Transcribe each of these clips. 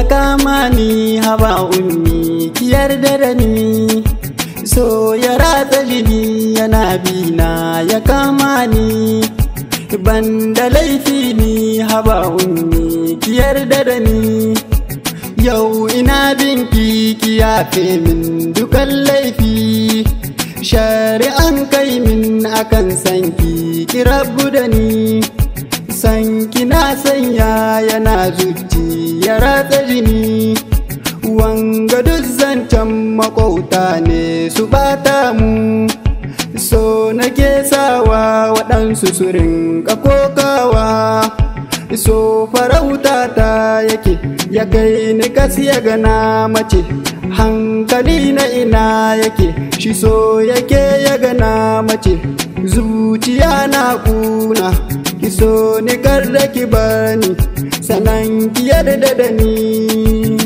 ya kama ni haba unni ki yarda da ni so ya ratsa jini yana bina ya kama ni ban da laifi ni haba unni ki yarda da ni yau ina binki ki yafe min dukan laifi shari'an kai min akan sanki ki rabu da ni san kina sanya yana zuci ya ratsa jini wanga duk zancen makauta ne su bata mu so na ke sawa waɗansu su rinka kokawa so farauta ta yake ya kai ni kasi ya gana mace hankali na ina yake shi so yake ya gana mace zuciya na kuna so ni kar da ki bani sanan ki yarda da ni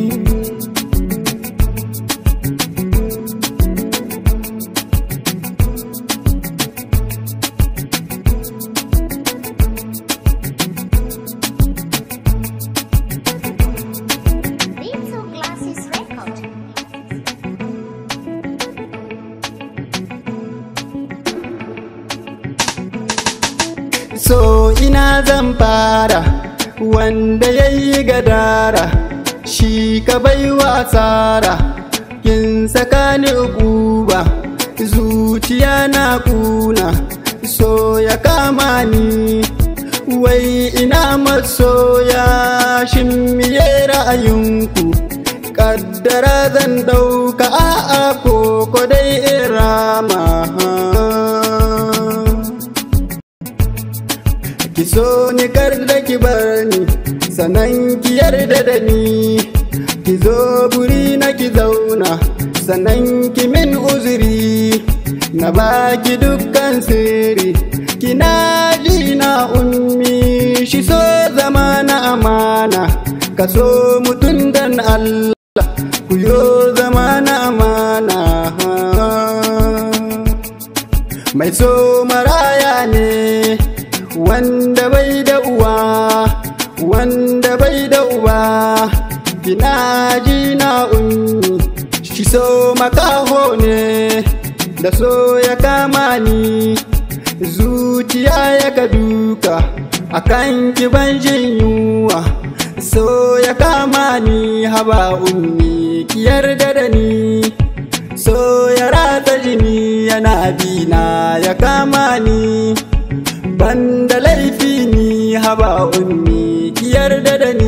so ina zan fara wanda ya yi gadara shi ka baiwa tsara kin saka ni guba zuciya na kuna so ya kama ni wai ina masoya shin miye ra'ayinku kaddara zan ɗauka a'a ko ki so ni kar da ki bar ni ki yarda da ni ki zo buri na ki zauna sannan ki min uzuri na baki dukkan sirri na ji na ummi shi so zama na amana ka so mutum dan Allah ku yo zama na amana mai so maraya ne wanda bai da uwa wanda bai da uba gina na ummi shi so makaho ne da so ya kama ni zuciya ya ka duka kan kiban jin yunwa so ya kama ni haba ummi ki yarda da ni so ya rata jini yana bina ya kama ni ba ummi ki yarda da ni